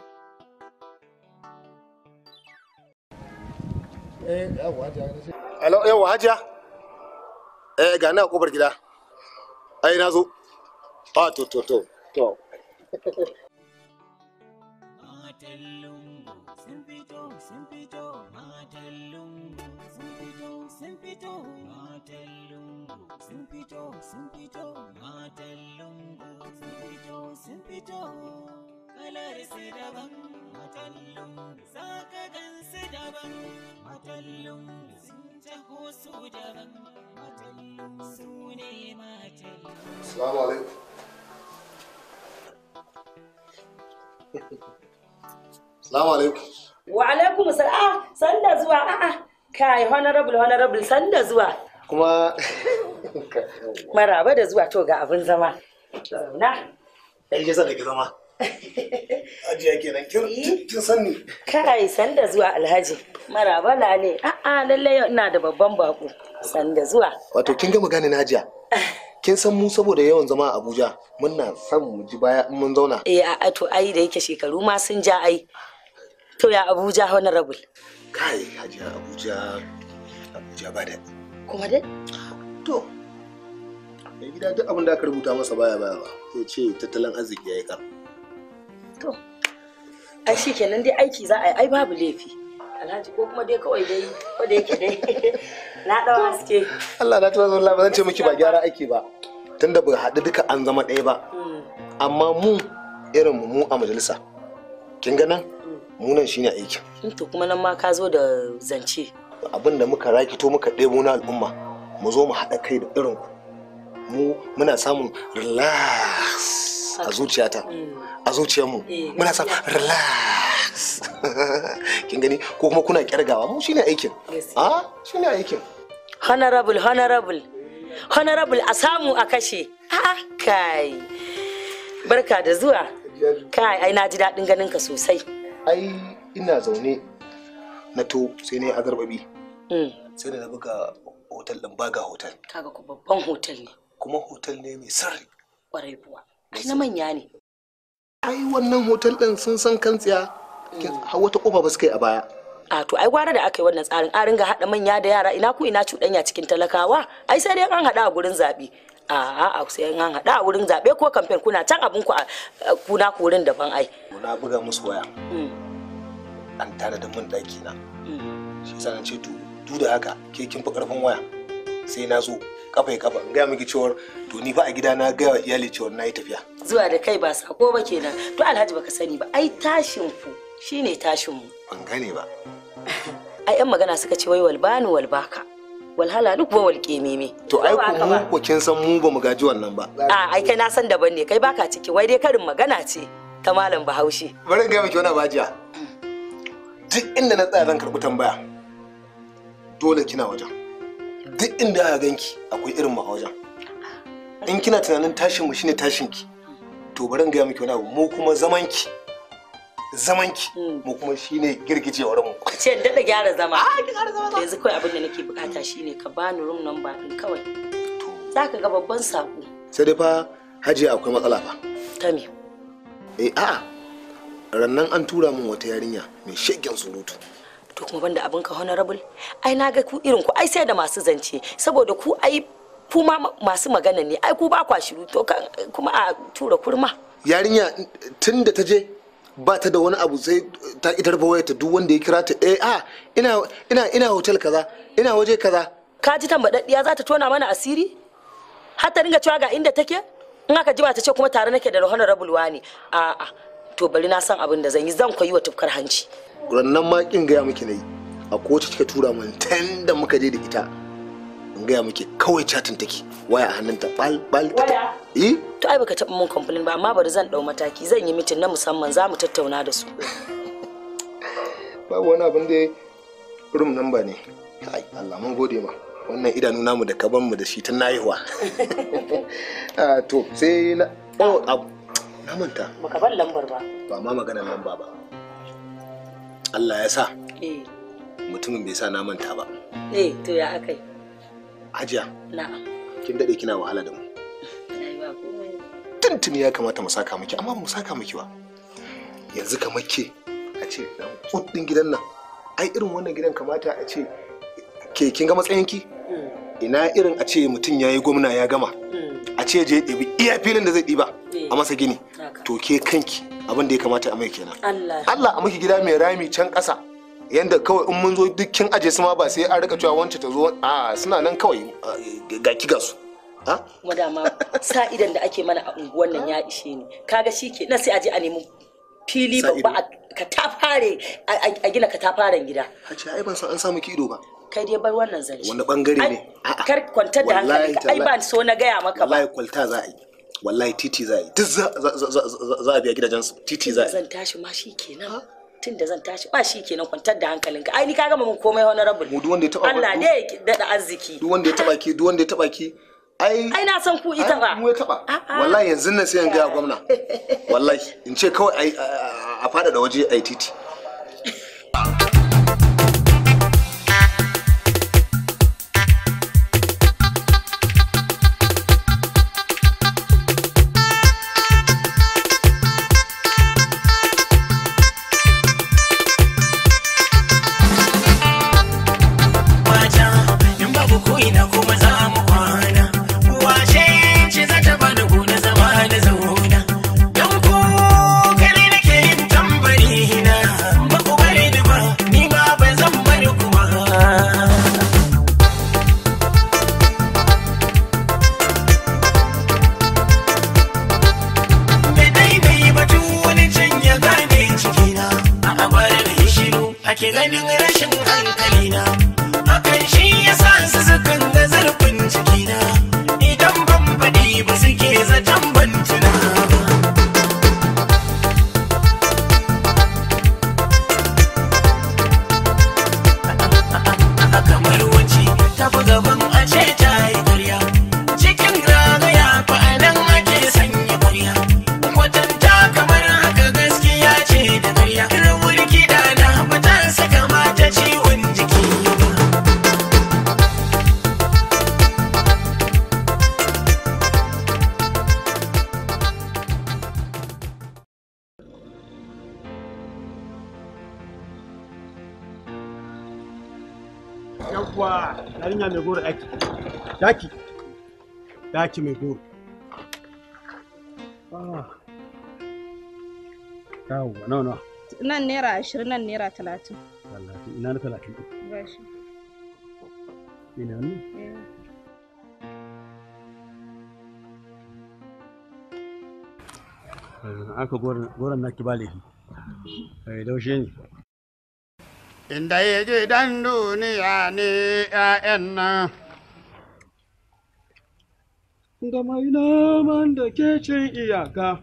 eh hajiya alo eh ga na kofar gida ai na zo a ah, to to to to matan lungu sun fito sun fito matan lungu kalarsu daban matallun za ka gansu daban matallun sun taho su daban matallun su ne matallun salamu alaikum wa. alaikum wa alaikum salam sanda zuwa a'a kai honorable honorable sanda zuwa kuma (laughs) maraba da zuwa to ga abin zama zauna dan je zan ga zama (laughs) Ajiya kenan eh. kin san ni. Kai sanda zuwa Alhaji. Maraba ne? A'a lalle yau ina da babban bako. Sanda zuwa. Wato kin gama gane ajiya? (laughs) Kin san mu saboda yawan zama a Abuja muna san mu ji baya in mun zauna. Eh a'a to ai da yake shekaru ma sun ja ai. To ya Abuja honorable. Kai Hajiya Abuja Abuja ba da. Kuma dai? To gida duk abin da aka rubuta masa baya baya ba. Zai ce tattalin arziki ya yi kar. to ai shi kenan dai aiki za a yi ai babu laifi alhaji ko kuma dai kawai dai ko da yake dai (laughs) na dawa suke Allah na tabbata wallahi ba zan ce miki ba gyara aiki ba tunda bai haɗu duka an zama ɗaya ba hmm. amma mu irin mu a majalisa kin ga nan hmm. mu nan shine aiki. Hmm, to kuma nan ma ka zo da zance abin da muka rakito muka ɗebo na al'umma mu zo mu haɗa kai da irin ku mu muna samun relax a zuciyata a zuciyarmu eh, muna sa relax (laughs) kin gani ko kuma kuna kyargawa mu shine aikin a ah, shine aikin honorable honorable honorable a samu a kashe ah, kai barka da zuwa kai ai na ji daɗin ganin ka sosai ai ina zaune na to sai na yi agarbabi hmm. sai da na buga hotel din baga hotel kaga ku babban hotel ne kuma hotel ne mai sirri kwarai kuwa ai na manya ne ai wannan hotel din sun san kan tsiya mm. har wata kofa ba su kai a baya a to ai gwara da aka yi wannan tsarin a ringa hada manya da yara ina ku ina cuɗanya cikin talakawa ai sai dai an hada a gurin zaɓe a a sai an hada a wurin zaɓe ko kamfen kuna can abin ku kuna ku wurin daban ai na buga musu waya mm. an tare da mun daki mm. na shi sanan ce to duk da haka ke kin fi ƙarfin waya sai na zo kafa ya kafa gaya miki cewar to ni fa a gida na gaya wa iyali cewar na yi tafiya zuwa da kai ba sako ba kenan to alhaji baka sani ba ai tashin ku shine tashin mu ban gane ba (laughs) ai yan magana suka ce wai walbanu walbaka walhala duk ba walƙe meme to ai ku mu ko kin san mu ba mu gaji wannan ba a ai kai na san daban ne kai baka ciki wai dai karin magana ce ta malam bahaushe bari ga miki wani bajiya duk inda na tsaya zan karɓi tambaya dole kina wajen duk inda aka ganki akwai irin mu a wajen in kina tunanin tashin mu shine tashin ki to bari in ga miki wani abu mu kuma zaman ki zaman ki hmm. mu kuma shine girgijewar mu ce dada gyara zama a ah, ki gyara zama yanzu kawai abin da nake bukata shine ka bani room number din kawai zaka ga babban sako sai dai fa hajiya akwai matsala fa ta eh a'a rannan an tura min wata yarinya mai shegen surutu ku kuma banda abin ka honorable ai na ga ku irin ku ai sai da masu zance saboda ku ai kuma ma masu magana ne ai ku ba kwa shiru to kuma a tura kurma yarinya tun da ta je ba ta da wani abu sai ta idar ba ta duk wanda ya kira ta eh a ah, ina ina ina hotel kaza ina waje kaza ka ji tambadaddiya za ta tona mana asiri har ta ringa cewa ga inda take in aka ba ta ce kuma tare nake da honorable wani a'a to bari na san abin da zan yi zan koyi wa tufkar hanci rannan ma kin gaya miki nayi a kowace kika tura min tan da muka je da ita in gaya miki kawai chatin take waya a hannunta bal bal ta eh to ai baka taɓa mun complain ba amma bari zan dau mataki zan yi mitin na musamman za mu tattauna da su (laughs) babu wani abin da room number ne ai Allah mun gode ma wannan idanu namu da kaban mu da shi tun na haihuwa (laughs) ah, to sai na oh ah. na manta baka bar lambar ba ba ma maganar lamba ba Allah ya sa eh mutumin bai sa na manta ba eh to ya akai hajiya na'am kin dade kina wahala da mu tuntuni ya kamata mu saka miki amma ba mu saka miki ba yanzu kamar ke a ce dan kudin gidan nan ai irin wannan gidan kamata a ce ke kin ga matsayinki mm. ina irin a ce mutum ya yi gwamna ya gama mm. a ce je ɗibi iya filin da zai ɗiba eh. a masa gini to ke kanki abin da ya kamata a mai kenan Allah a miki gida mai rami can ƙasa yanda kawai in mun zo dukkin aje su ma ba sai an rika cewa wance ta zo a suna nan kawai ga ki ga su madama sa idan da ake mana a unguwan nan ya ishe ni kaga shi ke nan sai aje a nemi fili babba ka ta fare a gina ka ta faren gida ce ai ban san an samu ki ido ba kai dai bar wannan zance wani bangare ne kar kwantar da hankali ai ban so na gaya maka ba wallahi kwalta za a yi wallahi titi za yi duk za a biya gidajen su titi za yi zan tashi ma shi kenan tun da zan tashi ba shi kenan kwantar da hankalinka ai ni ka gama mun komai honorable mu duk wanda ya taba Allah ne ya dada arziki duk wanda ya taba ki duk wanda ya taba ki ai ai na san ku ita ba mu ya taba wallahi yanzu nan sai an ga gwamna wallahi in ce kawai a fada da waje ai titi (laughs) mai goro daki daki mai goro ah. nawa nawa nan naira ashirin nan naira talatin talatin ina na talatin ina ne eh. Eh, aka goron naki ba laifi eh, daushe ne inda ya ji dan duniya ne ‘ya'yan nan. Da mai naman da ke cin iyaka,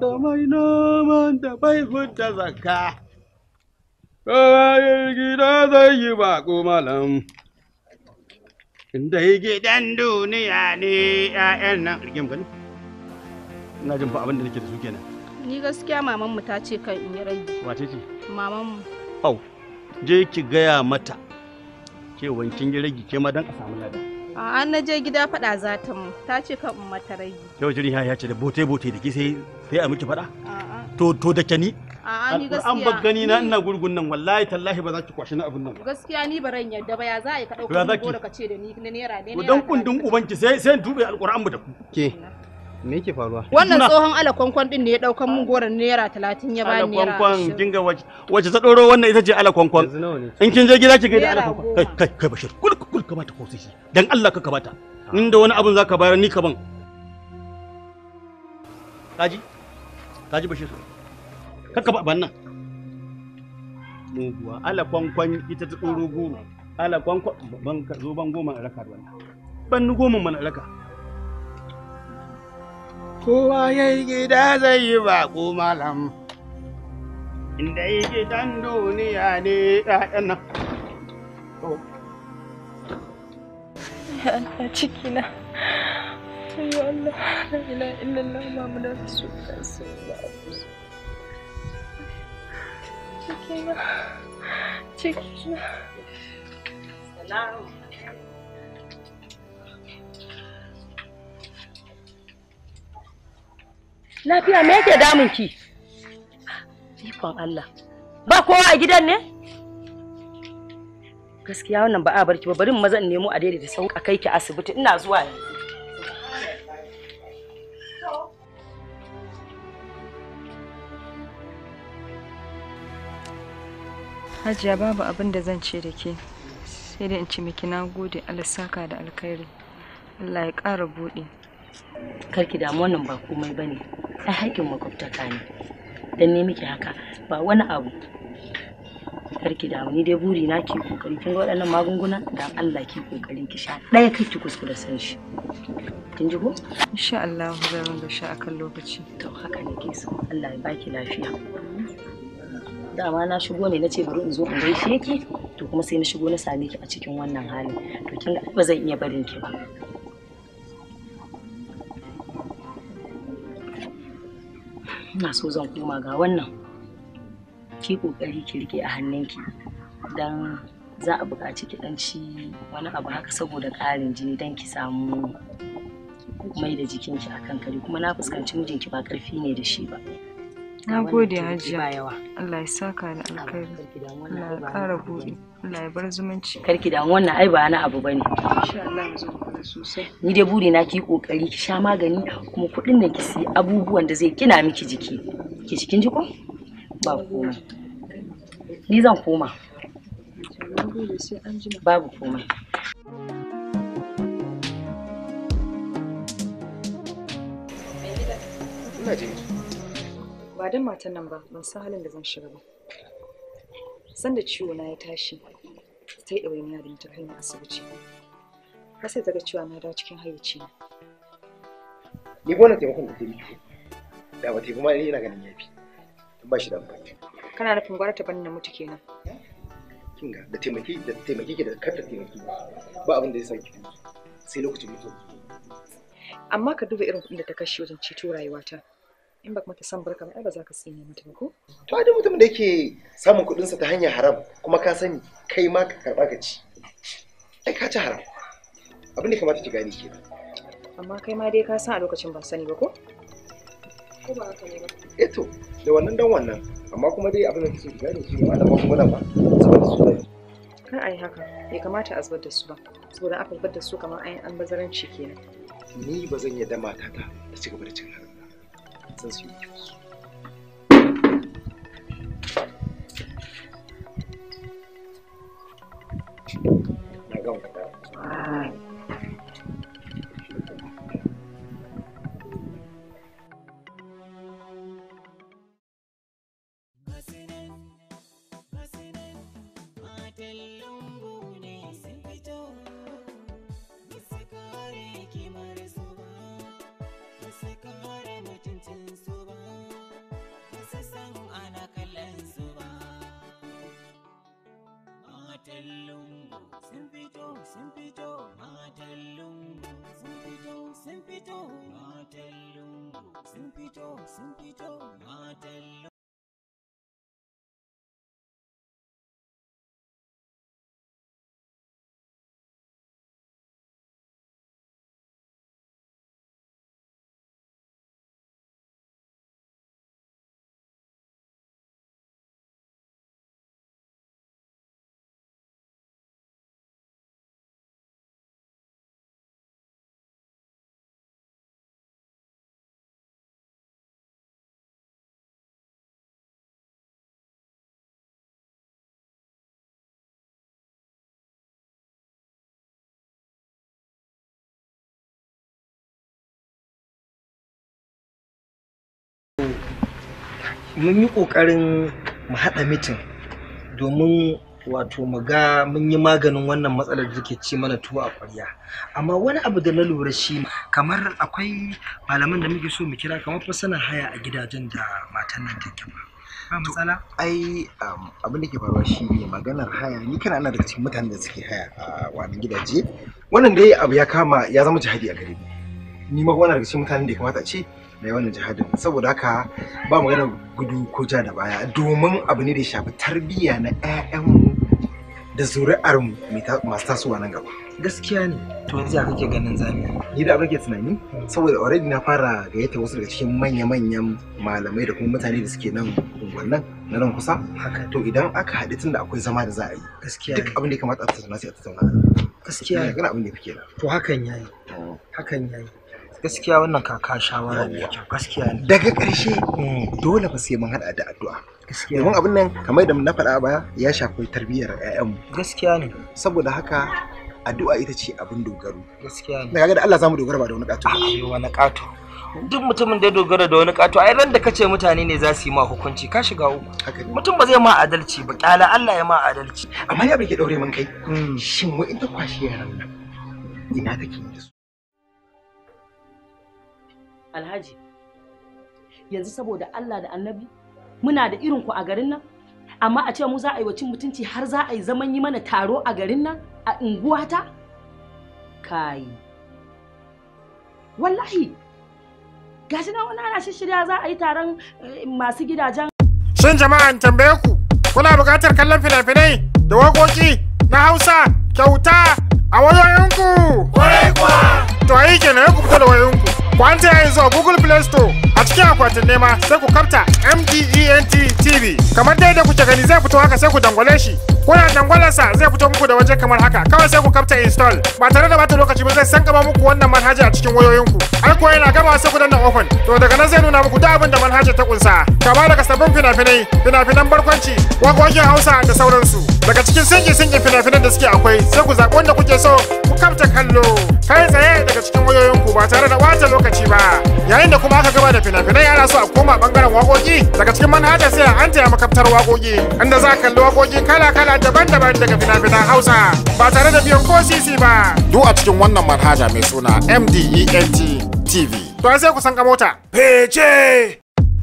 da mai naman da bai hudda zakka, kayan gida zai yi baƙo malam. Inda ya gidan duniya ne ‘ya'yan nan. Ina jin fa abin da nake da su kenan. ni gaskiya maman mu ta ce kan in yi rage wace ce maman mu au je ki gaya mata ke wankin yi rage ke ma dan a samu lada a an na je gida faɗa za ta mu ta ce kan in mata rage yau jiri ya ce da bote bote da ke sai sai a miki fada to to da ke ni an ba gani na ina gurgun nan wallahi tallahi ba za ki kwashi na abin nan gaskiya ni ba ran yadda ba ya za a yi ka dauka ko da ka ce da ni na nera ne dan kundin ubanki sai sai dube alquran mu da ku ke me yake faruwa wannan tsohon ala kwankwan din ne ya daukan mun goran naira 30 ya bani naira ala kwankwan kinga wace ta doro wannan ita ce ala kwankwan in kin je gida ki ga ala kwankwan kai kai kai bashir kul kul kamata ko sai shi dan Allah ka kamata in da wani abun zaka bayar ni ka ban kaji kaji bashir ka ba ban nan muguwa ala kwankwan ita ta doro goro ala kwankwan ban ka zo ban goma raka wannan ban ni goma mana raka kowa ya yi gida zai yi bako malam inda yi gidan duniya ne ya'yan nan Allah Allah, Allah, Allah Allah, Allah, Allah, Allah, Allah, Allah, Allah, Allah, Lafiya me yake damun ki? Ikon Allah. Ba kowa a gidan ne? Gaskiya wannan ba a barki ba bari in maza in nemo a daidaita sau a kai ki asibiti ina zuwa yanzu. Hajiya babu abin da zan ce da ke sai dai in ci miki na gode Allah saka da alkhairi. Allah ya ƙara buɗe. karki damu wannan ba komai ba ne ai haƙƙin makwabtaka ne dan ne muke haka ba wani abu ki damu ni dai buri na ki kokari kin ga waɗannan magunguna dan Allah ki kokari ki sha ɗaya kai ki kuskura san shi kin ji ko insha Allah zan rinka sha akan lokaci to haka ne ke so Allah ya baki lafiya dama na shigo ne na ce bari in zo in gaishe ki to kuma sai na shigo na same ki a cikin wannan hali to kin ga ba zan iya barin ki ba ina so zan koma ga wannan ki kokari ki rike a hannunki dan za a buƙaci ki dan ci wani abu haka saboda ƙarin jini dan ki samu mai da jikinki akan kare kuma na fuskanci mijinki ba ƙarfi ne da shi ba Na gode Hajiya. Allah ya saka da alkhairi. Allah ya kara buɗe. Allah ya bar zumunci. Karki da wannan ai ba na abu bane. Insha Allah mu zo. ni dai buri na ki kokari ki sha magani kuma kuɗin da ki sai abubuwan da zai kina miki jiki ki cikin jiko ba komai ni zan koma babu komai ba dan matan nan ba ban san halin da zan shiga ba sanda ciwo na ya tashi sai ɗaure na da ta hanyar asibiti har sai daga cewa na dawo cikin hayyaci na. Ni wannan taimakon da ta yi da ba kuma ma ni ina ganin yafi ba shi da amfani. Kana nufin gwara ta bani na mutu kenan. Kin ga da taimaki da taimaki ke da karta ta taimaki ba abin da ya sake ki sai lokacin mutu. Amma ka duba irin kuɗin da ta kashe wajen ceto rayuwata. In ba kuma ta san barka ba ba za ka sanya mata ba ko? To a mutum da yake samun kuɗinsa ta hanyar haram kuma ka sani kai ma ka karɓa ka ci. Ai ka ci haram. abin da kamata ki gane ke amma kai ma dai ka san a lokacin ban sani ba ko ko ba haka ne ba eh da wannan dan wannan amma kuma dai abin da kike ki gane shi ne kuma da ba saboda su ne kar a yi haka bai kamata a zubar da su ba saboda aka zubar da su kamar an an bazaranci kenan ni ba zan yadda matata ta ci gaba da cin harin zan su yi su mun yi ƙoƙarin mu haɗa mitin domin wato mu ga mun yi maganin wannan matsalar da ke ci mana tuwo a ƙwarya amma wani abu da na lura shi kamar akwai malaman da muke so mu kira kamar fasanan haya a gidajen da matan nan take ba ba matsala ai um, abin da ke faruwa shi ne maganar haya ni kana ana daga cikin mutanen da suke haya a wannan gidaje wannan dai abu ya kama ya zama jihadi a gare ni ni ma wannan daga cikin mutanen da ya kamata a ce na wannan jihadin saboda haka ba mu gana gudu ko ja da baya domin abu ne da ya shafi tarbiyya na 'ya'yanmu da zuri'ar masu tasowa nan gaba gaskiya ne to yanzu kake ganin zami ni da abin tunani saboda already na fara gayyata wasu daga cikin manya-manyan malamai da kuma mutane da suke nan unguwannan na nan kusa Haka to idan aka haɗu tun da akwai zama da za a yi gaskiya duk abin da ya kamata a tattauna sai a tattauna gaskiya ne gana abin da kake to hakan yayi hakan yayi gaskiya wannan kaka shawara ne gaskiya daga ƙarshe hmm. dole ba sai mun hada da addu'a gaskiya mun abin nan kamar da na faɗa ba, ya shafi tarbiyyar ƴaƴan gaskiya ne saboda haka addu'a ita ce abin dogaro gaskiya ne daga da Allah zamu dogara ba da wani ƙato ba wani ƙato duk mutumin da ya dogara da wani ƙato ai ran da kace mutane ne za su yi ma hukunci ka shiga uku mutum ba zai ma adalci ba kala Allah ya ma adalci amma ya ke daure mun kai hmm. shin wa'in ita kwashi yaran nan ina take Alhaji, yanzu saboda Allah da annabi muna da irin ku a garin nan, amma a ce mu za a yi wacin mutunci har za a yi zaman yi mana taro a garin nan a unguwata? Kai. Wallahi, gashi na wani ana shirya za a yi taron eh, masu gidajen. Shin in tambaye ku, kuna buƙatar kallon fina-finai da waƙoƙi na Hausa kyauta a wayoyinku? Kwarai kuwa! To yi kenan ku fito da wayoyinku. ku an ta yanzu a Google Play Store a cikin akwatin nema sai ku karta MDENT TV kamar dai da kuke gani zai fito haka sai ku dangwale shi kuna dangwalarsa zai fito muku da waje kamar haka kawai sai ku kafta install ba tare da bata lokaci ba zai san gaba muku wannan manhaja a cikin wayoyinku har ko yana gama sai ku danna open to daga nan zai nuna muku duk abin da manhaja ta kunsa kama daga sabbin finafinai, finafinan fina-finan barkwanci waƙoƙin hausa da sauransu daga cikin singi-singin finafinan da suke akwai sai ku zaɓi wanda kuke so ku kafta kallo kai tsaye daga cikin wayoyinku ba tare da wata lokaci ba yayin da kuma aka gaba da finafinai finai ana so a koma bangaren wakoki. daga cikin manhaja sai an taya makaftar wakoki inda za a kalli wakoki kala-kala daban-daban daga fina-finan Hausa ba tare da biyan ko sisi ba. Duk a cikin wannan manhaja mai suna MDENT TV. To sai ku san ka mota. Fece!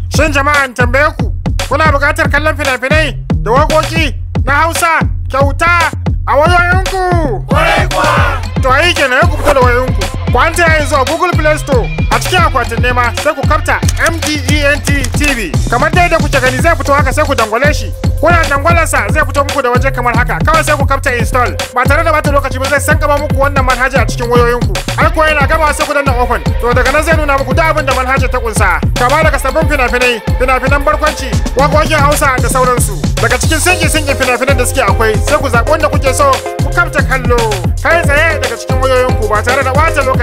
Shin jama'an tambaye ku kuna buƙatar kallon fina-finai da waƙoƙi na Hausa kyauta a wayoyinku? Kwarai kuwa! To ayi kenan ku fito da wayoyinku. Ku an ya zuwa Google Play Store a cikin akwatin nema sai ku karta MDENT TV. Kamar dai da kuke gani zai fito haka sai ku dangwale shi. Kuna dangwalar sa zai fito muku da waje kamar haka kawai sai ku karta install. Ba tare da bata lokaci ba zai san gaba muku wannan manhaja a cikin wayoyinku. Ai kuwa yana gaba sai ku danna open. To daga nan zai nuna muku duk abin da manhaja ta kunsa. Kama daga sabbin fina-finai, fina-finan barkwanci, waƙoƙin Hausa da sauransu. Daga cikin singe-singe fina-finan da suke akwai sai ku zaɓi wanda kuke so ku karta kallo. Kai tsaye daga cikin wayoyinku ba tare da wata lokaci